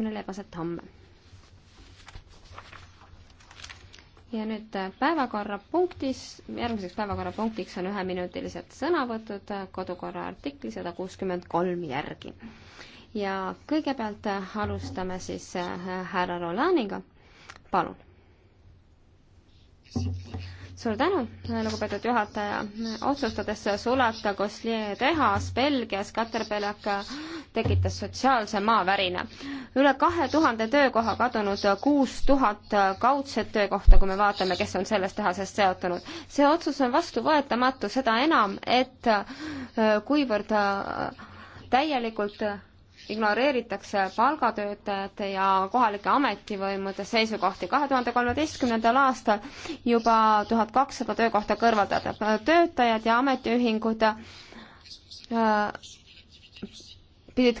millel jääb aset homme. ja nüüd äh, päevakorrapunktis, järgmiseks päevakorrapunktiks on üheminutilised sõnavõtud äh, kodukorra artikli sada kuuskümmend kolm järgi. ja kõigepealt äh, alustame siis härra Rolaniga, palun. suur tänu, lugupeetud juhataja, otsustades sulata Goslier tehas Belgias, Katerpilak tekitas sotsiaalse maavärina. üle kahe tuhande töökoha kadunud, kuus tuhat kaudset töökohta, kui me vaatame, kes on sellest tehasest seotunud. see otsus on vastuvõetamatu, seda enam, et äh, kuivõrd äh, täielikult ignoreeritakse palgatöötajate ja kohalike ametivõimude seisukohti. kahe tuhande kolmeteistkümnendal aastal juba tuhat kakssada töökohta kõrvaldatud töötajad ja ametiühingud äh, pidid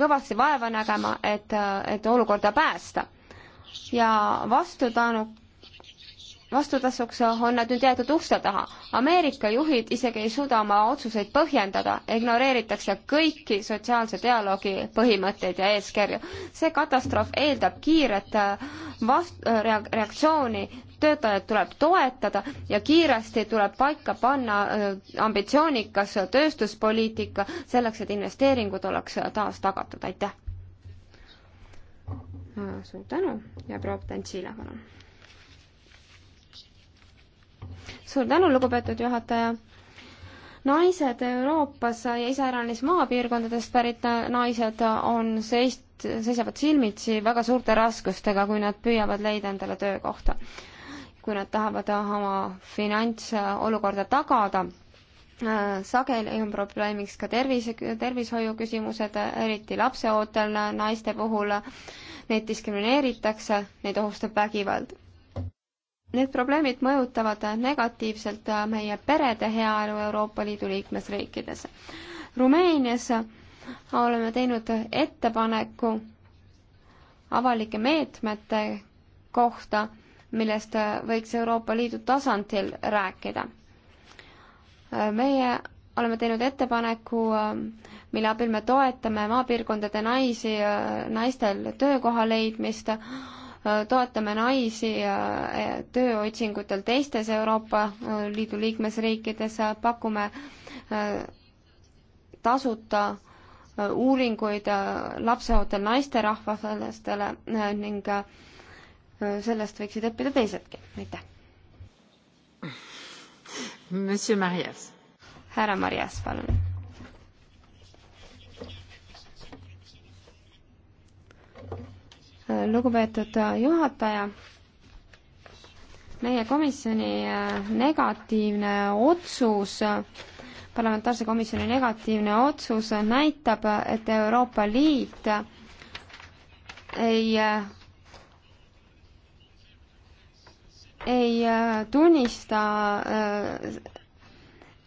kõvasti vaeva nägema, et, et olukorda päästa. ja vastutaanu vastutasuks on nad nüüd jäetud ukse taha. Ameerika juhid isegi ei suuda oma otsuseid põhjendada, ignoreeritakse kõiki sotsiaalse dialoogi põhimõtteid ja eeskirju. see katastroof eeldab kiiret äh, vast-, äh, reaktsiooni, töötajad tuleb toetada ja kiiresti tuleb paika panna äh, ambitsioonikas tööstuspoliitika selleks, et investeeringud oleks taas tagatud, aitäh! suur tänu ja proua Tantsile, palun! suur tänu, lugupeetud juhataja naised Euroopas ja iseäranis maapiirkondadest pärit naised on seist-, seisavad silmitsi väga suurte raskustega, kui nad püüavad leida endale töökohta. kui nad tahavad oma finantsolukorda tagada, äh, sageli on probleemiks ka tervise, tervishoiu küsimused, eriti lapseootel naiste puhul, neid diskrimineeritakse, neid ohustab vägivald Need probleemid mõjutavad negatiivselt meie perede heaolu Euroopa Liidu liikmesriikides. Rumeenias oleme teinud ettepaneku avalike meetmete kohta, millest võiks Euroopa Liidu tasandil rääkida. meie oleme teinud ettepaneku, mille abil me toetame maapiirkondade naisi, naistel töökoha leidmist Äh, toetame naisi äh, tööotsingutel teistes Euroopa äh, Liidu liikmesriikides, pakume tasuta uuringuid lapseootel naisterahvastele ning sellest võiksid õppida teisedki, aitäh. härra Marias, palun lugupeetud juhataja, meie komisjoni äh, negatiivne otsus, parlamentaarse komisjoni negatiivne otsus näitab, et Euroopa Liit ei äh, ei äh, tunnista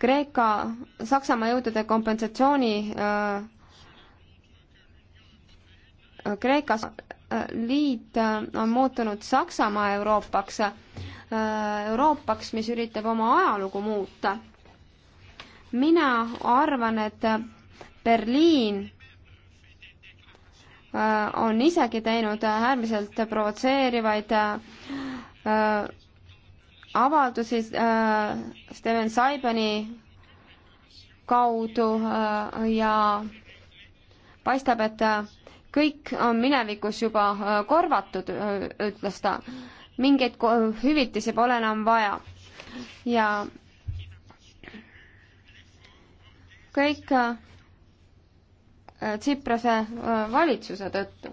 Kreeka, Saksamaa jõudude kompensatsiooni Kreekas Liit äh, on muutunud Saksamaa Euroopaks, äh, Euroopaks, mis üritab oma ajalugu muuta. mina arvan, et Berliin äh, on isegi teinud äärmiselt provotseerivaid avaldusi Steven Saibani kaudu ja paistab, et kõik on minevikus juba äh, korvatud, äh, ütles ta. mingeid hüvitisi pole enam vaja. ja kõik äh, Tsiprase valitsuse tõttu.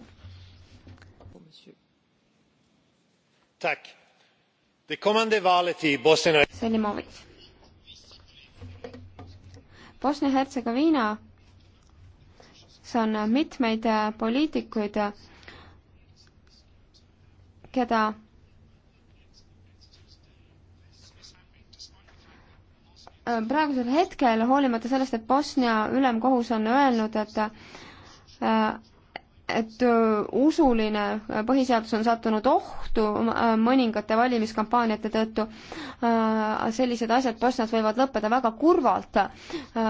Selimovic. Bosnia-Hertsegoviina see on mitmeid äh, poliitikuid, keda äh, praegusel hetkel, hoolimata sellest, et Bosnia ülemkohus on öelnud, et äh, et äh, usuline põhiseadus on sattunud ohtu äh, mõningate valimiskampaaniate tõttu. Äh, sellised asjad Bosnias võivad lõppeda väga kurvalt.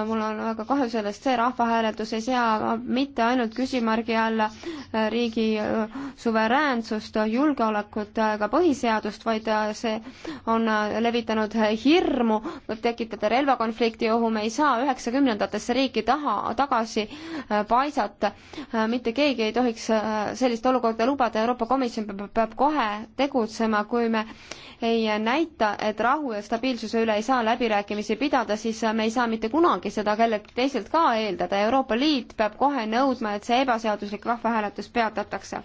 mul on väga kahju sellest, see rahvahääletus ei sea mitte ainult küsimärgi alla riigi suveräänsust, julgeolekut, ka põhiseadust, vaid see on levitanud hirmu, võib tekitada relvakonflikti ohu, me ei saa üheksakümnendatesse riiki taha, tagasi paisata, mitte keegi ei tohiks äh, sellist olukorda lubada, Euroopa Komisjon peab, peab kohe tegutsema, kui me ei näita, et rahu ja stabiilsuse üle ei saa läbirääkimisi pidada, siis äh, me ei saa mitte kunagi seda kelleltki teiselt ka eeldada. Euroopa Liit peab kohe nõudma, et see ebaseaduslik rahvahääletus peatatakse.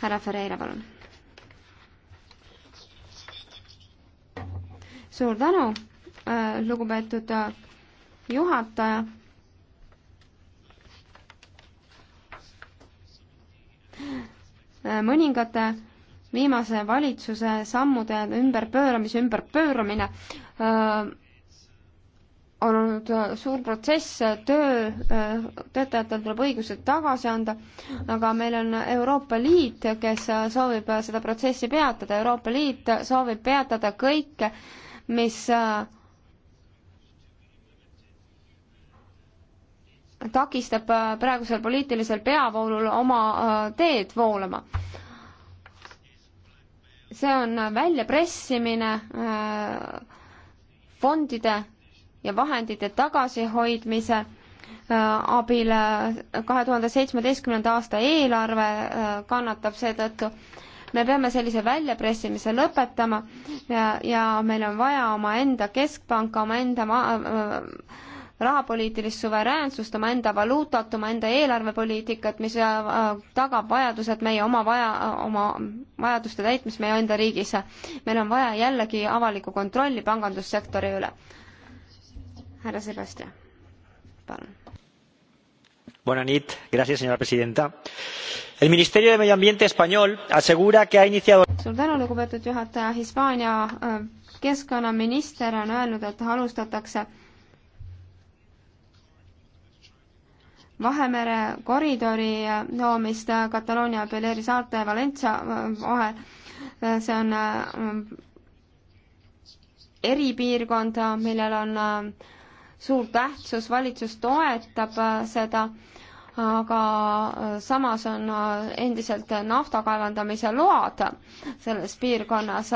härra Ferreira, palun. suur tänu, äh, lugupeetud juhataja Äh, mõningate viimase valitsuse sammude ümberpööramise ümberpööramine äh, on olnud äh, suur protsess, töö, töötajatel tuleb õigused tagasi anda, aga meil on Euroopa Liit, kes soovib seda protsessi peatada, Euroopa Liit soovib peatada kõike, mis äh, takistab äh, praegusel poliitilisel peavoolul oma äh, teed voolama. see on väljapressimine, äh, fondide ja vahendite tagasihoidmise abil kahe tuhande seitsmeteistkümnenda aasta eelarve kannatab seetõttu. me peame sellise väljapressimise lõpetama ja, ja meil on vaja omaenda keskpanka, omaenda ma-, rahapoliitilist suveräänsust, omaenda valuutat, omaenda eelarvepoliitikat, mis äh, äh, tagab vajadused meie oma vaja, äh, oma vajaduste täitmist meie enda riigis. meil on vaja jällegi avalikku kontrolli pangandussektori üle. härra Sebastian, palun. Buenas noches, gracias señora presidenta. El Ministerio de Medio Ambiente español asegura que ha iniciado suur tänu, lugupeetud juhataja, Hispaania keskkonnaminister on öelnud, et alustatakse Vahemere koridori äh, loomist äh, Kataloonia Beleri saarte ja Valencia äh, vahel. see on eripiirkond, millel on suur tähtsus, valitsus toetab seda, aga samas on endiselt nafta kaevandamise load selles piirkonnas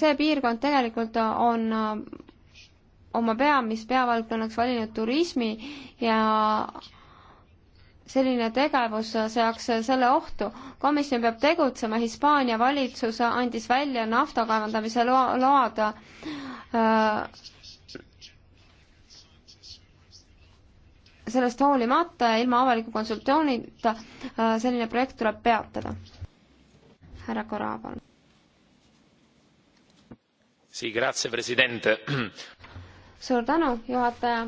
see piirkond tegelikult on oma peamist peavaldkonnaks valinud turismi ja selline tegevus seaks selle ohtu. komisjon peab tegutsema, Hispaania valitsus andis välja nafta kaevandamise loa, load sellest hoolimata ja ilma avaliku konsultatsioonita selline projekt tuleb peatada. härra Korra, palun suur tänu, juhataja.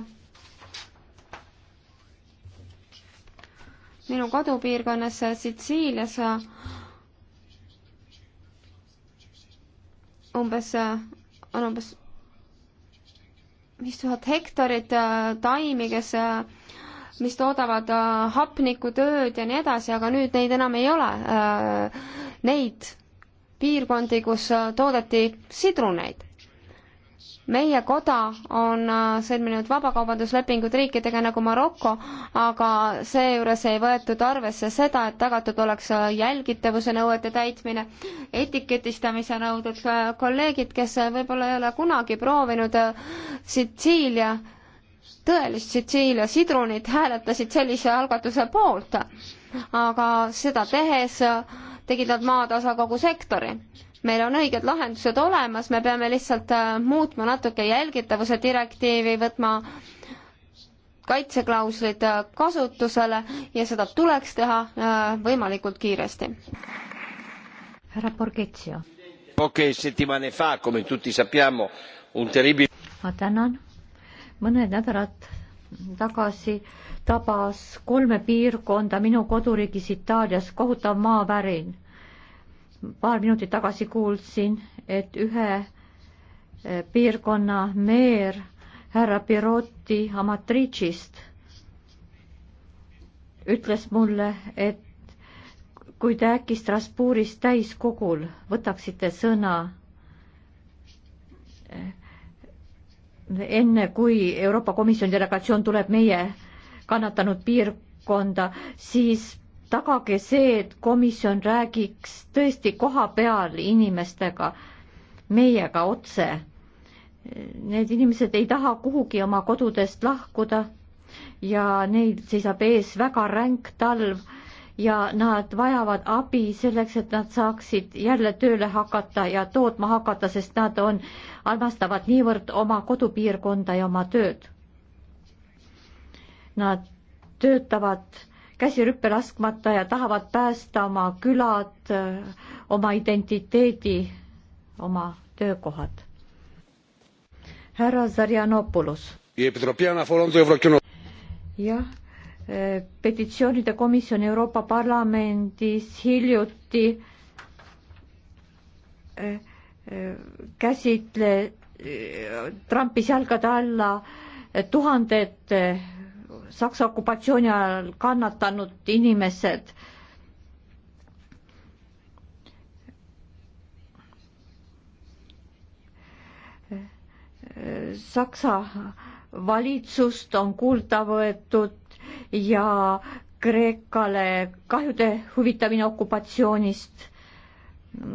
minu kodupiirkonnas Sitsiilias umbes, on umbes viis tuhat hektarit äh, taimi, kes, äh, mis toodavad äh, hapnikutööd ja nii edasi, aga nüüd neid enam ei ole. Neid piirkondi, kus toodeti sidruneid meie koda on äh, sõlminud vabakaubanduslepingud riikidega nagu Maroko, aga seejuures ei võetud arvesse seda, et tagatud oleks äh, jälgitavuse nõuete täitmine, etiketistamise nõuded, kolleegid, kes äh, võib-olla ei ole kunagi proovinud Sitsiilia, tõelist Sitsiilia sidrunit, hääletasid sellise algatuse poolt. aga seda tehes tegid nad maatasa kogu sektori meil on õiged lahendused olemas, me peame lihtsalt äh, muutma natuke jälgitavuse direktiivi, võtma kaitseklauslid äh, kasutusele ja seda tuleks teha äh, võimalikult kiiresti. härra Borghezio. ma tänan. mõned nädalad tagasi tabas kolme piirkonda minu koduriigis Itaalias kohutav maavärin paar minutit tagasi kuulsin, et ühe e, piirkonna meer härra Piroti Amatrichist ütles mulle, et kui te äkki Strasbourgis täiskogul võtaksite sõna e, enne, kui Euroopa Komisjoni delegatsioon tuleb meie kannatanud piirkonda, siis tagage see, et komisjon räägiks tõesti koha peal inimestega, meiega otse. Need inimesed ei taha kuhugi oma kodudest lahkuda ja neil seisab ees väga ränk talv ja nad vajavad abi selleks, et nad saaksid jälle tööle hakata ja tootma hakata, sest nad on, armastavad niivõrd oma kodupiirkonda ja oma tööd. Nad töötavad käsi rüppe laskmata ja tahavad päästa oma külad, oma identiteedi, oma töökohad. härra Zarjanopoulos. jah, eh, petitsioonide komisjon Euroopa Parlamendis hiljuti eh, eh, käsitle, trampis jalgade alla tuhanded Saksa okupatsiooni ajal kannatanud inimesed. Saksa valitsust on kuulda võetud ja Kreekale kahjude huvitamine okupatsioonist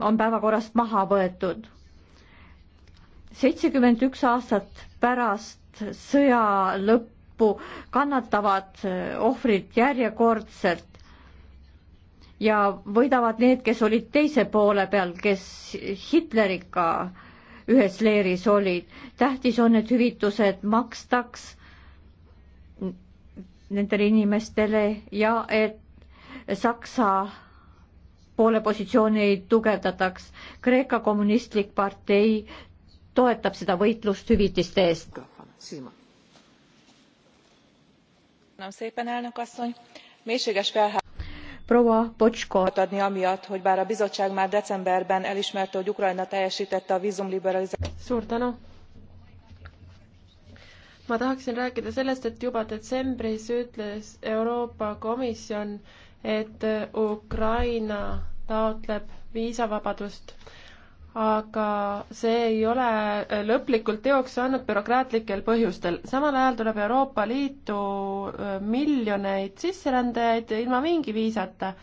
on päevakorrast maha võetud. seitsekümmend üks aastat pärast sõja lõppu lõppu kannatavad eh, ohvrid järjekordselt ja võidavad need, kes olid teise poole peal, kes Hitleriga ühes leeris olid. tähtis on, et hüvitused makstaks nendele inimestele ja et Saksa poole positsiooni ei tugevdataks. Kreeka kommunistlik partei toetab seda võitlust hüvitiste eest. silma mélységes felháborodást adni amiatt hogy bár a bizottság már decemberben elismerte hogy ukrajna teljestette a vzumliberalizáció. ma tahaksin rääkida sellest et juba detsembris ütles euroopa komisjon et ukraina taotleb viisavabadust aga see ei ole lõplikult teoks saanud bürokraatlikel põhjustel. samal ajal tuleb Euroopa Liitu miljoneid sisserändajaid ilma mingi viisata.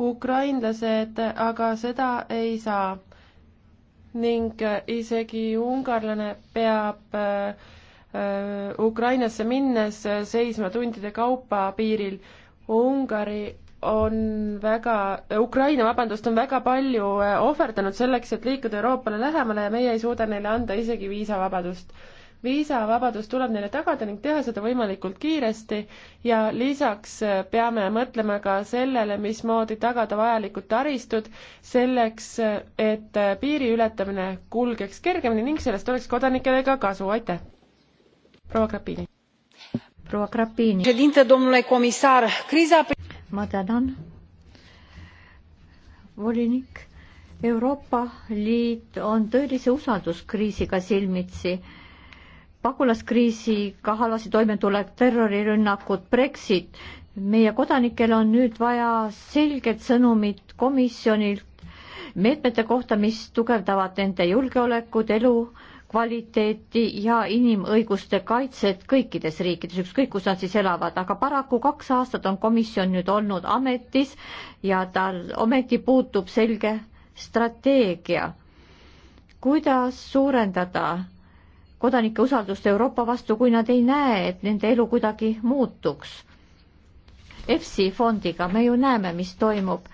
ukrainlased aga seda ei saa. ning isegi ungarlane peab Ukrainasse minnes seisma tundide kaupa piiril. Ungari on väga, Ukraina, vabandust, on väga palju eh, ohverdanud selleks, et liikuda Euroopale lähemale ja meie ei suuda neile anda isegi viisavabadust. viisavabadus tuleb neile tagada ning teha seda võimalikult kiiresti ja lisaks eh, peame mõtlema ka sellele, mismoodi tagada vajalikud taristud selleks, eh, et piiri ületamine kulgeks kergemini ning sellest oleks kodanikele ka kasu, aitäh! proua Krapini. proua Krapini. domnule comisar, kriisa ma tänan, volinik. Euroopa Liit on tõelise usalduskriisiga silmitsi. pagulaskriisiga halvasti toimetulek, terrorirünnakud, Brexit. meie kodanikel on nüüd vaja selget sõnumit komisjonilt meetmete kohta, mis tugevdavad nende julgeolekut, elu kvaliteeti ja inimõiguste kaitset kõikides riikides, ükskõik kus nad siis elavad, aga paraku kaks aastat on komisjon nüüd olnud ametis ja tal ometi puutub selge strateegia, kuidas suurendada kodanike usaldust Euroopa vastu, kui nad ei näe, et nende elu kuidagi muutuks. EFSI fondiga me ju näeme, mis toimub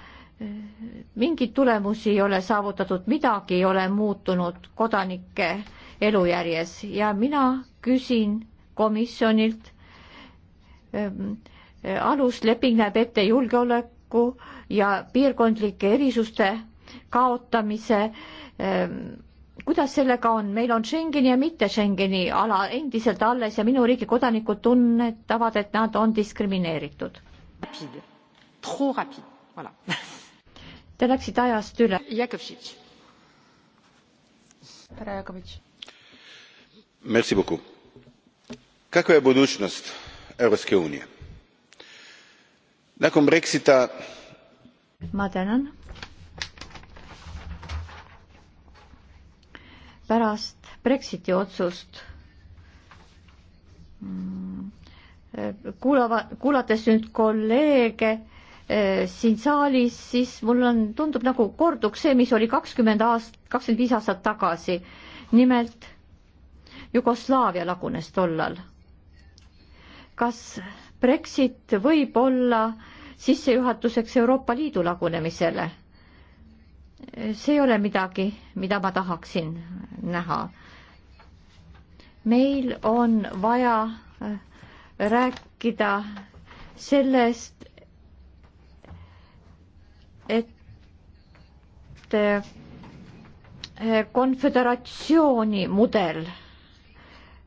mingeid tulemusi ei ole saavutatud, midagi ei ole muutunud kodanike elujärjes ja mina küsin komisjonilt ähm, äh, alusleping näeb ette julgeoleku ja piirkondlike erisuste kaotamise ähm, kuidas sellega on, meil on Schengeni ja mitte Schengeni ala endiselt alles ja minu riigi kodanikud tunnetavad, et nad on diskrimineeritud. Voilà. Te läksite ajast üle. Jakovtšitš. härra Jakovtšitš kakva je budućnost europske unije? nakon brexita pärast brexiti otsust mm, kuulava, kuulates nüüd kolleege eh, siin saalis, siis mul on, tundub nagu korduks see, mis oli kakskümmend aast-, kakskümmend viis aastat tagasi. nimelt Jugoslaavia lagunes tollal. kas Brexit võib olla sissejuhatuseks Euroopa Liidu lagunemisele? see ei ole midagi, mida ma tahaksin näha. meil on vaja äh, rääkida sellest, et äh, konföderatsiooni mudel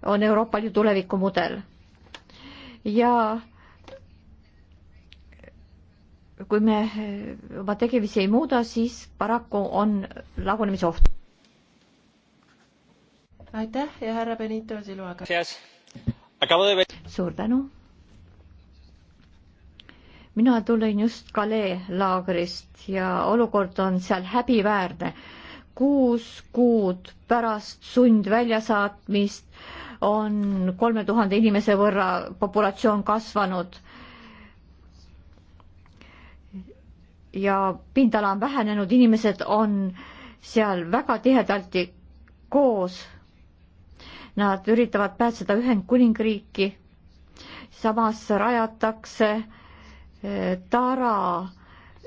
on Euroopa Liidu tulevikumudel. ja kui me oma tegemisi ei muuda, siis paraku on lagunemisoht. aitäh ja härra Benito Siluaga. suur tänu. mina tulin just Calais laagrist ja olukord on seal häbiväärne. kuus kuud pärast sundväljasaatmist on kolme tuhande inimese võrra populatsioon kasvanud. ja pindala on vähenenud, inimesed on seal väga tihedalt koos. Nad üritavad pääseda Ühendkuningriiki. samas rajatakse eh, tara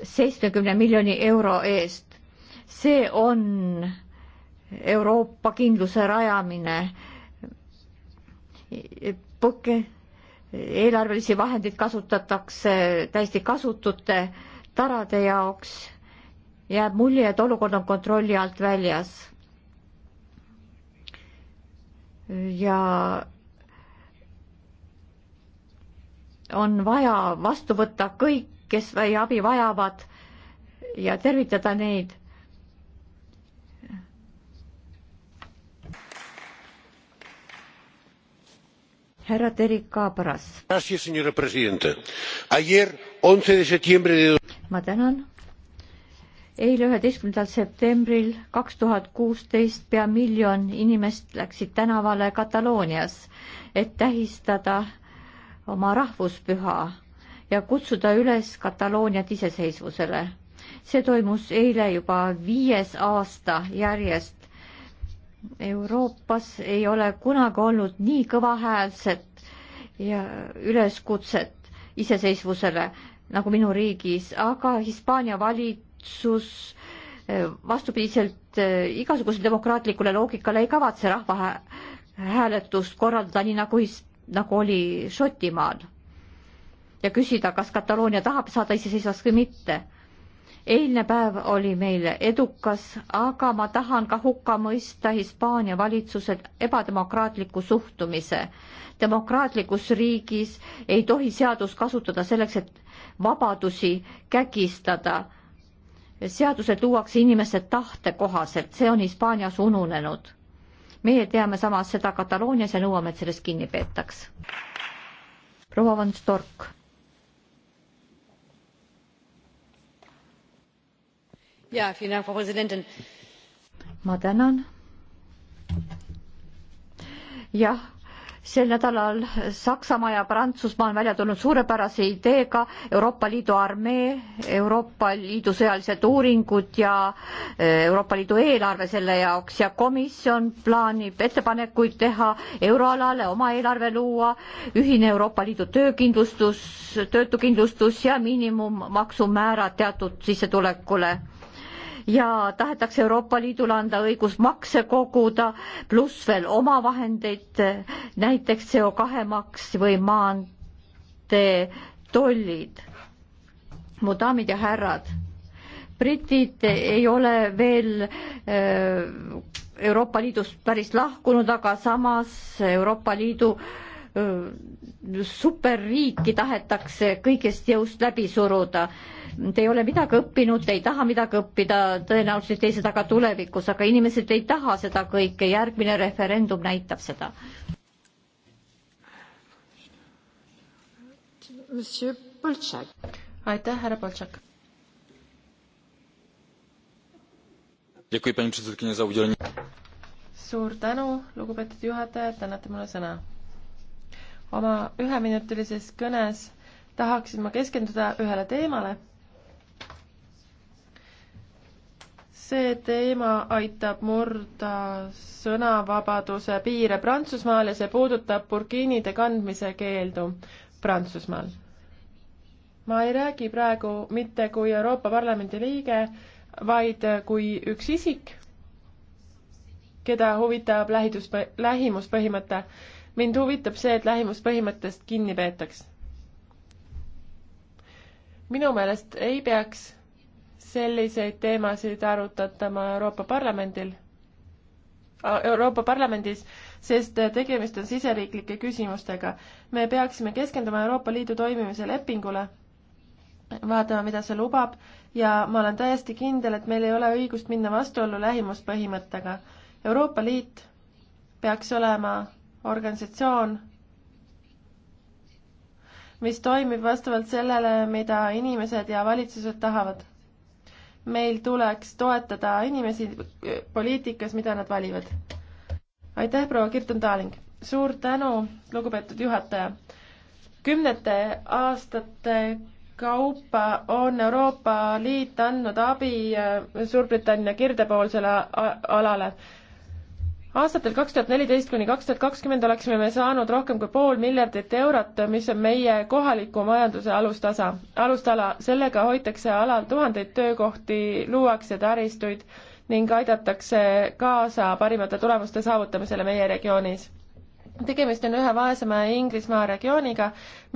seitsmekümne miljoni euro eest. see on Euroopa kindluse rajamine põkke, eelarvelisi vahendeid kasutatakse täiesti kasutute tarade jaoks, jääb mulje, et olukord on kontrolli alt väljas ja on vaja vastu võtta kõik, kes meie abi vajavad ja tervitada neid. härra Terik Kaabras. ma tänan. eile, üheteistkümnendal septembril kaks tuhat kuusteist pea miljon inimest läksid tänavale Kataloonias, et tähistada oma rahvuspüha ja kutsuda üles Katalooniat iseseisvusele. see toimus eile juba viies aasta järjest Euroopas ei ole kunagi olnud nii kõvahäälset ja üleskutset iseseisvusele nagu minu riigis, aga Hispaania valitsus eh, vastupidiselt eh, igasugusele demokraatlikule loogikale ei kavatse rahvahääletust korraldada nii nagu, nagu oli Šotimaal ja küsida, kas Kataloonia tahab saada iseseisvaks või mitte eilne päev oli meile edukas, aga ma tahan ka hukka mõista Hispaania valitsuse ebademokraatliku suhtumise. demokraatlikus riigis ei tohi seadust kasutada selleks, et vabadusi kägistada. seadused luuakse inimeste tahte kohaselt, see on Hispaanias ununenud. meie teame samas seda Kataloonias ja nõuame, et sellest kinni peetaks. proua Van Stork ma tänan. jah, sel nädalal Saksamaa ja Prantsusmaa on välja tulnud suurepärase ideega Euroopa Liidu armee, Euroopa Liidu sõjalised uuringud ja eh, Euroopa Liidu eelarve selle jaoks ja komisjon plaanib ettepanekuid teha euroalale, oma eelarve luua, ühine Euroopa Liidu töökindlustus, töötukindlustus ja miinimummaksumäärad teatud sissetulekule ja tahetakse Euroopa Liidule anda õigus makse koguda, pluss veel omavahendeid, näiteks CO kahe maks või maanteetollid. mu daamid ja härrad, britid ei ole veel öö, äh, Euroopa Liidust päris lahkunud, aga samas Euroopa Liidu öö, äh, superriiki tahetakse kõigest jõust läbi suruda te ei ole midagi õppinud, te ei taha midagi õppida, tõenäoliselt ei seda ka tulevikus, aga inimesed ei taha seda kõike, järgmine referendum näitab seda. aitäh, härra Poltšak. suur tänu, lugupeetud juhataja, et annate mulle sõna. oma üheminutilises kõnes tahaksin ma keskenduda ühele teemale see teema aitab murda sõnavabaduse piire Prantsusmaal ja see puudutab burkiinide kandmise keeldu Prantsusmaal. ma ei räägi praegu mitte kui Euroopa Parlamendi liige, vaid kui üks isik, keda huvitab lähidus, lähimuspõhimõte. mind huvitab see, et lähimuspõhimõttest kinni peetaks. minu meelest ei peaks selliseid teemasid arutatama Euroopa Parlamendil, Euroopa Parlamendis, sest tegemist on siseriiklike küsimustega. me peaksime keskenduma Euroopa Liidu toimimise lepingule, vaatama, mida see lubab ja ma olen täiesti kindel, et meil ei ole õigust minna vastuollu lähimuspõhimõttega. Euroopa Liit peaks olema organisatsioon, mis toimib vastavalt sellele, mida inimesed ja valitsused tahavad meil tuleks toetada inimesi poliitikas, mida nad valivad. aitäh, proua Kirton Taaling! suur tänu, lugupeetud juhataja! kümnete aastate kaupa on Euroopa Liit andnud abi Suurbritannia kirdepoolsele alale aastatel kaks tuhat neliteist kuni kaks tuhat kakskümmend oleksime me saanud rohkem kui pool miljardit eurot, mis on meie kohaliku majanduse alustasa, alustala. sellega hoitakse alal tuhandeid töökohti, luuakse taristuid ning aidatakse kaasa parimate tulemuste saavutamisele meie regioonis tegemist on ühe vaesema Inglismaa regiooniga,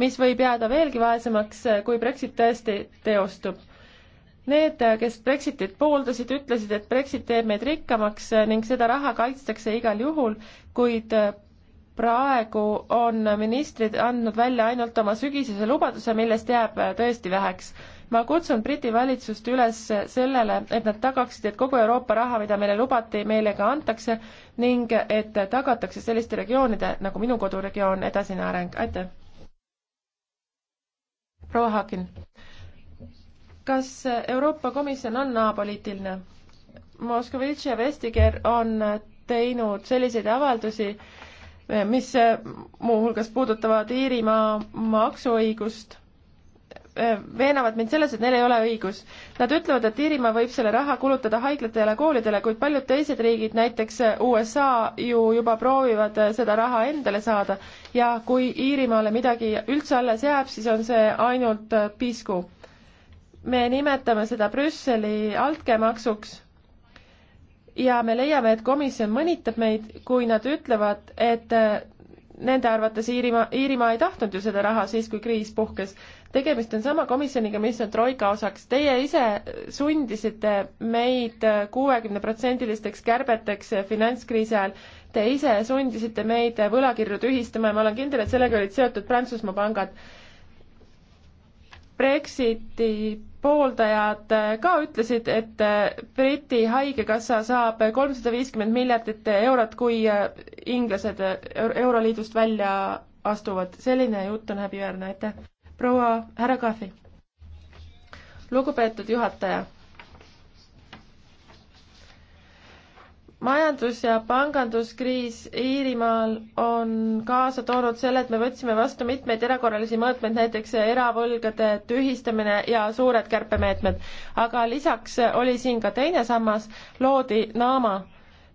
mis võib jääda veelgi vaesemaks, kui Brexit tõesti teostub Need, kes Brexitit pooldasid, ütlesid, et Brexit teeb meid rikkamaks ning seda raha kaitstakse igal juhul, kuid praegu on ministrid andnud välja ainult oma sügisese lubaduse, millest jääb tõesti väheks. ma kutsun Briti valitsust üles sellele, et nad tagaksid, et kogu Euroopa raha, mida meile lubati, meile ka antakse ning et tagatakse selliste regioonide nagu minu koduregioon edasine areng, aitäh! proua Hakin kas Euroopa Komisjon on apoliitiline? Moskovitš ja Vestiger on teinud selliseid avaldusi, mis muuhulgas puudutavad Iirimaa maksuõigust, veenavad mind selles, et neil ei ole õigus. Nad ütlevad, et Iirimaa võib selle raha kulutada haiglatele ja koolidele, kuid paljud teised riigid, näiteks USA ju juba proovivad seda raha endale saada ja kui Iirimaale midagi üldse alles jääb, siis on see ainult pisku me nimetame seda Brüsseli altkäemaksuks ja me leiame, et komisjon mõnitab meid, kui nad ütlevad, et äh, nende arvates Iirimaa, Iirimaa ei tahtnud ju seda raha siis, kui kriis puhkes. tegemist on sama komisjoniga, mis on Troika osaks. Teie ise sundisite meid äh, kuuekümneprotsendilisteks kärbeteks äh, finantskriisi ajal. Te ise sundisite meid võlakirju tühistama ja ma olen kindel, et sellega olid seotud Prantsusmaa pangad Brexiti pooldajad äh, ka ütlesid, et äh, Briti haigekassa saab kolmsada viiskümmend miljardit eurot, kui äh, inglased Euroliidust välja astuvad. selline jutt on häbiväärne, aitäh. proua härra Kahvi. lugupeetud juhataja majandus- ja panganduskriis Iirimaal on kaasa toonud selle, et me võtsime vastu mitmeid erakorralisi mõõtmeid, näiteks eravõlgade tühistamine ja suured kärpemeetmed. aga lisaks oli siin ka teine sammas, loodi Naama.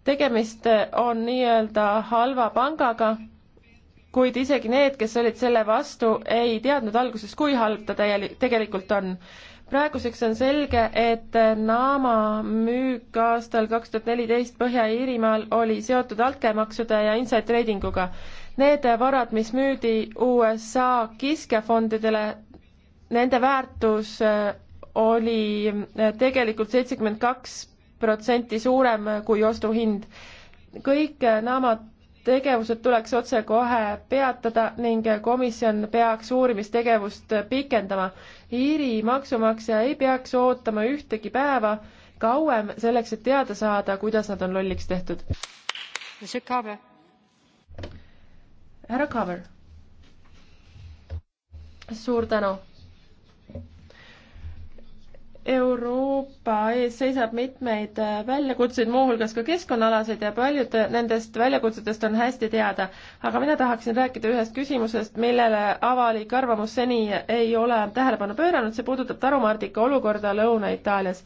tegemist on nii-öelda halva pangaga kuid isegi need, kes olid selle vastu, ei teadnud alguses, kui halb ta täieli-, tegelikult on. praeguseks on selge, et naama müük aastal kaks tuhat neliteist Põhja-Iirimaal oli seotud altkäemaksude ja inside trading uga. Need varad, mis müüdi USA kiskefondidele, nende väärtus äh, oli äh, tegelikult seitsekümmend kaks protsenti suurem kui ostuhind. kõik äh, naamad tegevused tuleks otsekohe peatada ning komisjon peaks uurimistegevust pikendama. Iiri maksumaksja ei peaks ootama ühtegi päeva kauem selleks, et teada saada, kuidas nad on lolliks tehtud. härra Kaaber. suur tänu Euroopa ees seisab mitmeid väljakutseid, muuhulgas ka keskkonnaalaseid ja paljud nendest väljakutsetest on hästi teada. aga mina tahaksin rääkida ühest küsimusest, millele avalik arvamus seni ei ole tähelepanu pööranud, see puudutab tarumaardika olukorda Lõuna-Itaalias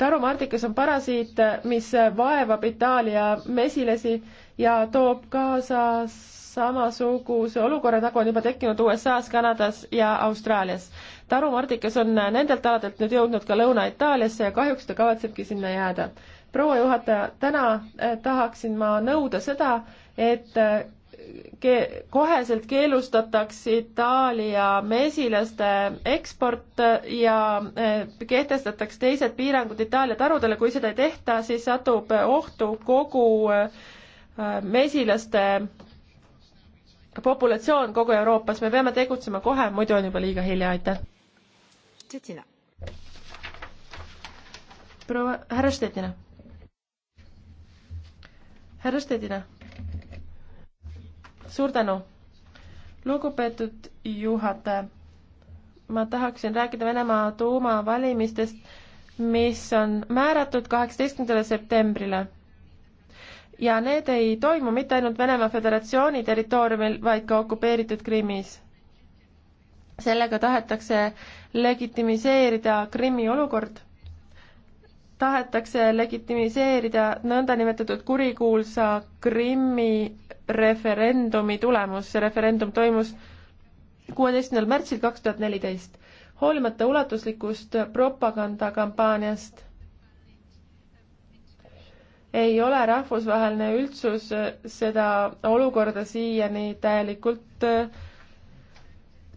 tarumardikas on parasiit, mis vaevab Itaalia mesilasi ja toob kaasa samasuguse olukorra, nagu on juba tekkinud USA-s, Kanadas ja Austraalias. tarumardikas on nendelt aladelt nüüd jõudnud ka Lõuna-Itaaliasse ja kahjuks ta kavatsebki sinna jääda. proua juhataja, täna eh, tahaksin ma nõuda seda, et ke-, koheselt keelustataks Itaalia mesilaste eksport ja eh, kehtestataks teised piirangud Itaalia tarudele, kui seda ei tehta, siis satub ohtu kogu eh, mesilaste populatsioon kogu Euroopas, me peame tegutsema kohe, muidu on juba liiga hilja, aitäh. Tšetšina. proua, härra Štetina. härra Štetina suur tänu. lugupeetud juhataja, ma tahaksin rääkida Venemaa Duuma valimistest, mis on määratud kaheksateistkümnendale septembrile. ja need ei toimu mitte ainult Venemaa Föderatsiooni territooriumil, vaid ka okupeeritud Krimmis. sellega tahetakse legitimiseerida Krimmi olukord tahetakse legitimiseerida nõndanimetatud kurikuulsa Krimmi referendumi tulemus, see referendum toimus kuueteistkümnendal märtsil kaks tuhat neliteist. hoolimata ulatuslikust propagandakampaaniast ei ole rahvusvaheline üldsus seda olukorda siiani täielikult äh,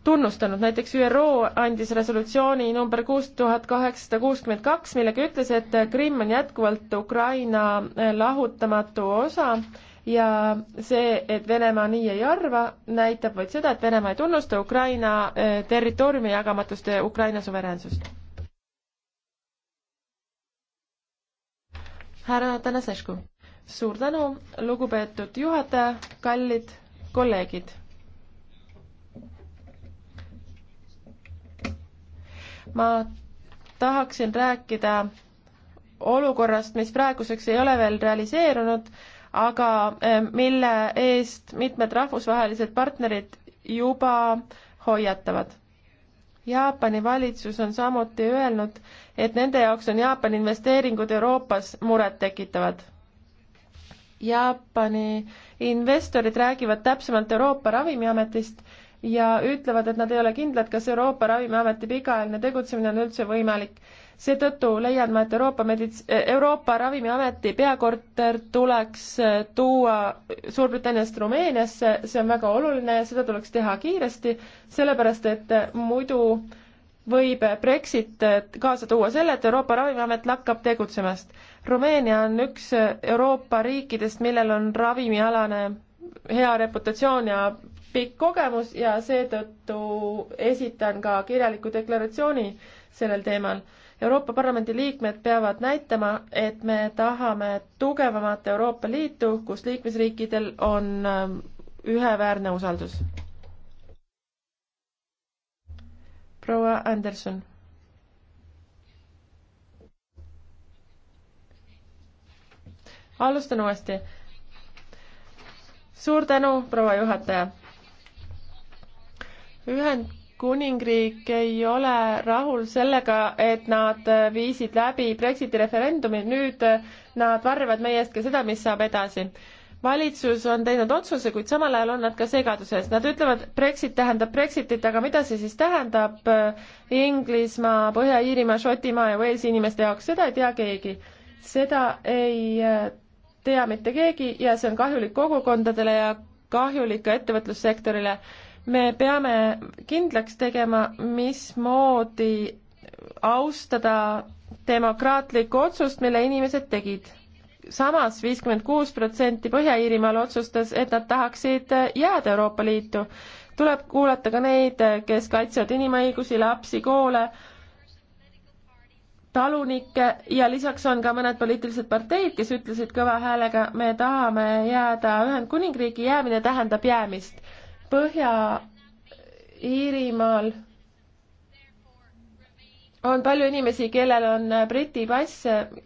tunnustanud, näiteks ÜRO andis resolutsiooni number kuus tuhat kaheksasada kuuskümmend kaks, millega ütles, et Krimm on jätkuvalt Ukraina lahutamatu osa ja see, et Venemaa nii ei arva, näitab vaid seda, et Venemaa ei tunnusta Ukraina äh, territooriumi jagamatust ja Ukraina suveräänsust. härra Tanasescu, suur tänu, lugupeetud juhataja, kallid kolleegid ma tahaksin rääkida olukorrast, mis praeguseks ei ole veel realiseerunud, aga e, mille eest mitmed rahvusvahelised partnerid juba hoiatavad. Jaapani valitsus on samuti öelnud, et nende jaoks on Jaapani investeeringud Euroopas murettekitavad. Jaapani investorid räägivad täpsemalt Euroopa Ravimiametist ja ütlevad, et nad ei ole kindlad, kas Euroopa Ravimiameti pikaajaline tegutsemine on üldse võimalik. seetõttu leian ma, et Euroopa medits-, Euroopa Ravimiameti peakorter tuleks äh, tuua Suurbritanniast Rumeeniasse, see on väga oluline ja seda tuleks teha kiiresti, sellepärast et äh, muidu võib Brexit äh, kaasa tuua selle, et Euroopa Ravimiamet lakkab tegutsemast. Rumeenia on üks Euroopa riikidest, millel on ravimialane hea reputatsioon ja pikk kogemus ja seetõttu esitan ka kirjaliku deklaratsiooni sellel teemal. Euroopa Parlamendi liikmed peavad näitama, et me tahame tugevamat Euroopa Liitu, kus liikmesriikidel on ähm, üheväärne usaldus. proua Anderson. alustan uuesti suur tänu, proua juhataja. Ühendkuningriik ei ole rahul sellega, et nad viisid läbi Brexiti referendumi, nüüd nad varjavad meie eest ka seda, mis saab edasi. valitsus on teinud otsuse, kuid samal ajal on nad ka segaduses. Nad ütlevad, Brexit tähendab Brexitit, aga mida see siis tähendab Inglismaa, Põhja-Iirimaa, Šotimaa ja Walesi inimeste jaoks, seda ei tea keegi. seda ei äh, tea mitte keegi ja see on kahjulik kogukondadele ja kahjulik ka ettevõtlussektorile me peame kindlaks tegema, mismoodi austada demokraatlikku otsust, mille inimesed tegid samas viiskümmend kuus protsenti Põhja-Iirimaal otsustas, et nad tahaksid jääda Euroopa Liitu. tuleb kuulata ka neid, kes kaitsevad inimõigusi, lapsi, koole, talunikke ja lisaks on ka mõned poliitilised parteid, kes ütlesid kõva häälega, me tahame jääda Ühendkuningriigi, jäämine tähendab jäämist. Põhja-Iirimaal on palju inimesi, kellel on Briti pass,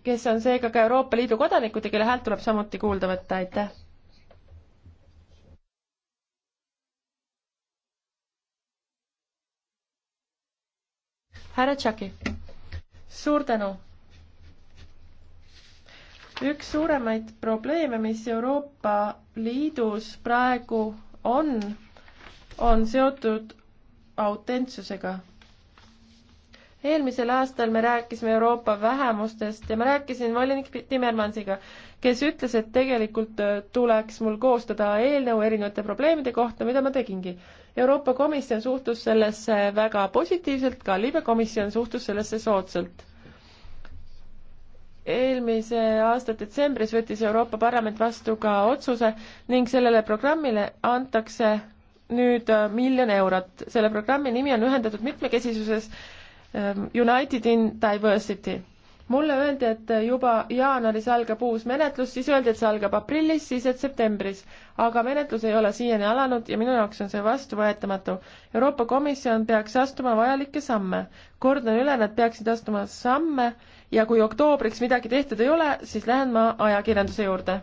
kes on seega ka Euroopa Liidu kodanikud ja kelle häält tuleb samuti kuulda võtta, aitäh! härra Tšaki, suur tänu! üks suuremaid probleeme, mis Euroopa Liidus praegu on, on seotud autentsusega. eelmisel aastal me rääkisime Euroopa vähemustest ja ma rääkisin volinik Timmermansiga, kes ütles, et tegelikult äh, tuleks mul koostada eelnõu erinevate probleemide kohta, mida ma tegingi. Euroopa Komisjon suhtus sellesse väga positiivselt, ka Liibe komisjon suhtus sellesse soodsalt eelmise aasta detsembris võttis Euroopa Parlament vastu ka otsuse ning sellele programmile antakse nüüd äh, miljon eurot. selle programmi nimi on ühendatud mitmekesisuses ähm, United in Diversity. mulle öeldi, et äh, juba jaanuaris algab uus menetlus, siis öeldi, et see algab aprillis, siis et septembris. aga menetlus ei ole siiani alanud ja minu jaoks on see vastuvõetamatu. Euroopa Komisjon peaks astuma vajalikke samme. kordan üle, nad peaksid astuma samme ja kui oktoobriks midagi tehtud ei ole, siis lähen ma ajakirjanduse juurde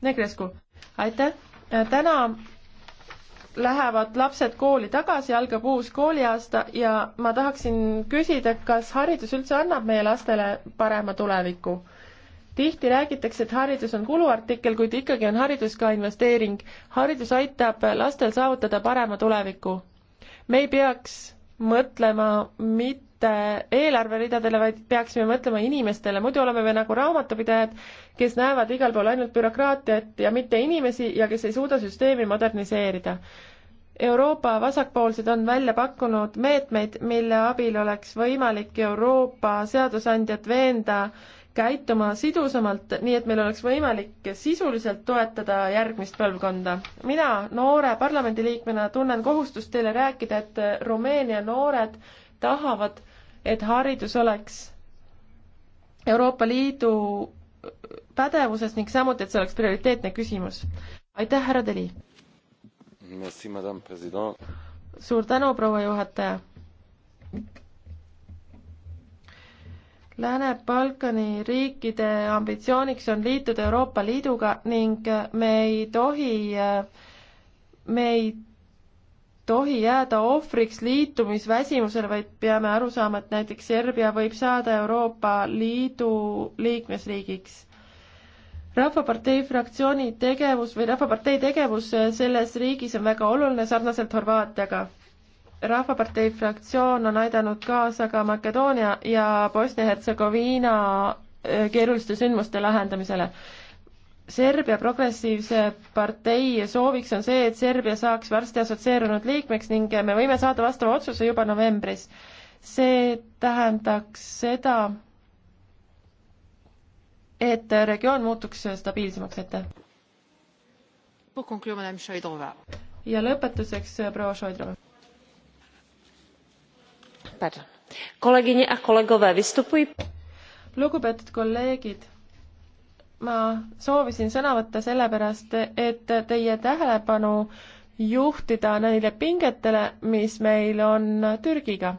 Negrescu, aitäh! täna lähevad lapsed kooli tagasi, algab uus kooliaasta ja ma tahaksin küsida, kas haridus üldse annab meie lastele parema tuleviku? tihti räägitakse, et haridus on kuluartikkel, kuid ikkagi on haridus ka investeering. haridus aitab lastel saavutada parema tuleviku. me ei peaks mõtlema mit-, mitte äh, eelarveridadele, vaid peaksime mõtlema inimestele, muidu oleme me nagu raamatupidajad, kes näevad igal pool ainult bürokraatiat ja mitte inimesi ja kes ei suuda süsteemi moderniseerida. Euroopa vasakpoolsed on välja pakkunud meetmeid, mille abil oleks võimalik Euroopa seadusandjat veenda käituma sidusamalt, nii et meil oleks võimalik sisuliselt toetada järgmist põlvkonda. mina noore parlamendiliikmena tunnen kohustust teile rääkida, et Rumeenia noored tahavad et haridus oleks Euroopa Liidu pädevuses ning samuti, et see oleks prioriteetne küsimus. aitäh, härra Deli! suur tänu, proua juhataja! Lääne-Balkani riikide ambitsiooniks on liituda Euroopa Liiduga ning me ei tohi, me ei tohi jääda ohvriks liitumisväsimusele, vaid peame aru saama, et näiteks Serbia võib saada Euroopa Liidu liikmesriigiks. rahvapartei fraktsiooni tegevus või Rahvapartei tegevus selles riigis on väga oluline, sarnaselt Horvaatiaga. rahvapartei fraktsioon on aidanud kaasa ka Makedoonia ja Bosnia-Hertsegoviina eh, keeruliste sündmuste lahendamisele Serbia progressiivse partei sooviks on see, et Serbia saaks varsti assotsieerunud liikmeks ning me võime saada vastava otsuse juba novembris. see tähendaks seda, et regioon muutuks stabiilsemaks, aitäh! ja lõpetuseks proua Šoidrova. lugupeetud kolleegid ma soovisin sõna võtta sellepärast, et teie tähelepanu juhtida neile pingetele, mis meil on Türgiga.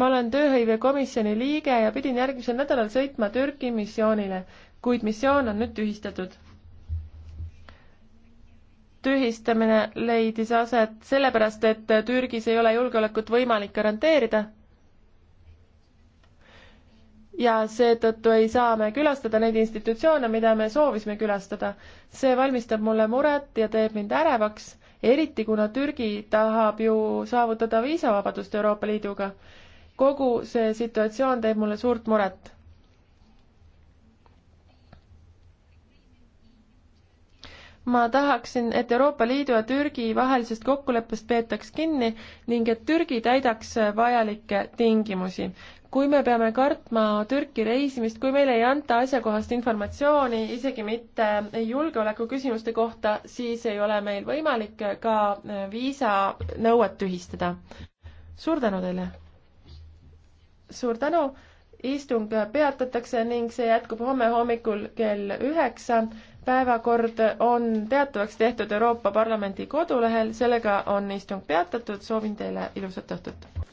ma olen tööhõivekomisjoni liige ja pidin järgmisel nädalal sõitma Türgi missioonile, kuid missioon on nüüd tühistatud. tühistamine leidis aset sellepärast, et Türgis ei ole julgeolekut võimalik garanteerida ja seetõttu ei saa me külastada neid institutsioone, mida me soovisime külastada. see valmistab mulle muret ja teeb mind ärevaks, eriti kuna Türgi tahab ju saavutada viisavabadust Euroopa Liiduga. kogu see situatsioon teeb mulle suurt muret. ma tahaksin, et Euroopa Liidu ja Türgi vahelisest kokkuleppest peetaks kinni ning et Türgi täidaks vajalikke tingimusi kui me peame kartma Türki reisimist, kui meile ei anta asjakohast informatsiooni, isegi mitte julgeolekuküsimuste kohta, siis ei ole meil võimalik ka äh, viisanõuet tühistada. suur tänu teile! suur tänu! istung peatatakse ning see jätkub homme hommikul kell üheksa. päevakord on teatavaks tehtud Euroopa Parlamendi kodulehel, sellega on istung peatatud, soovin teile ilusat õhtut!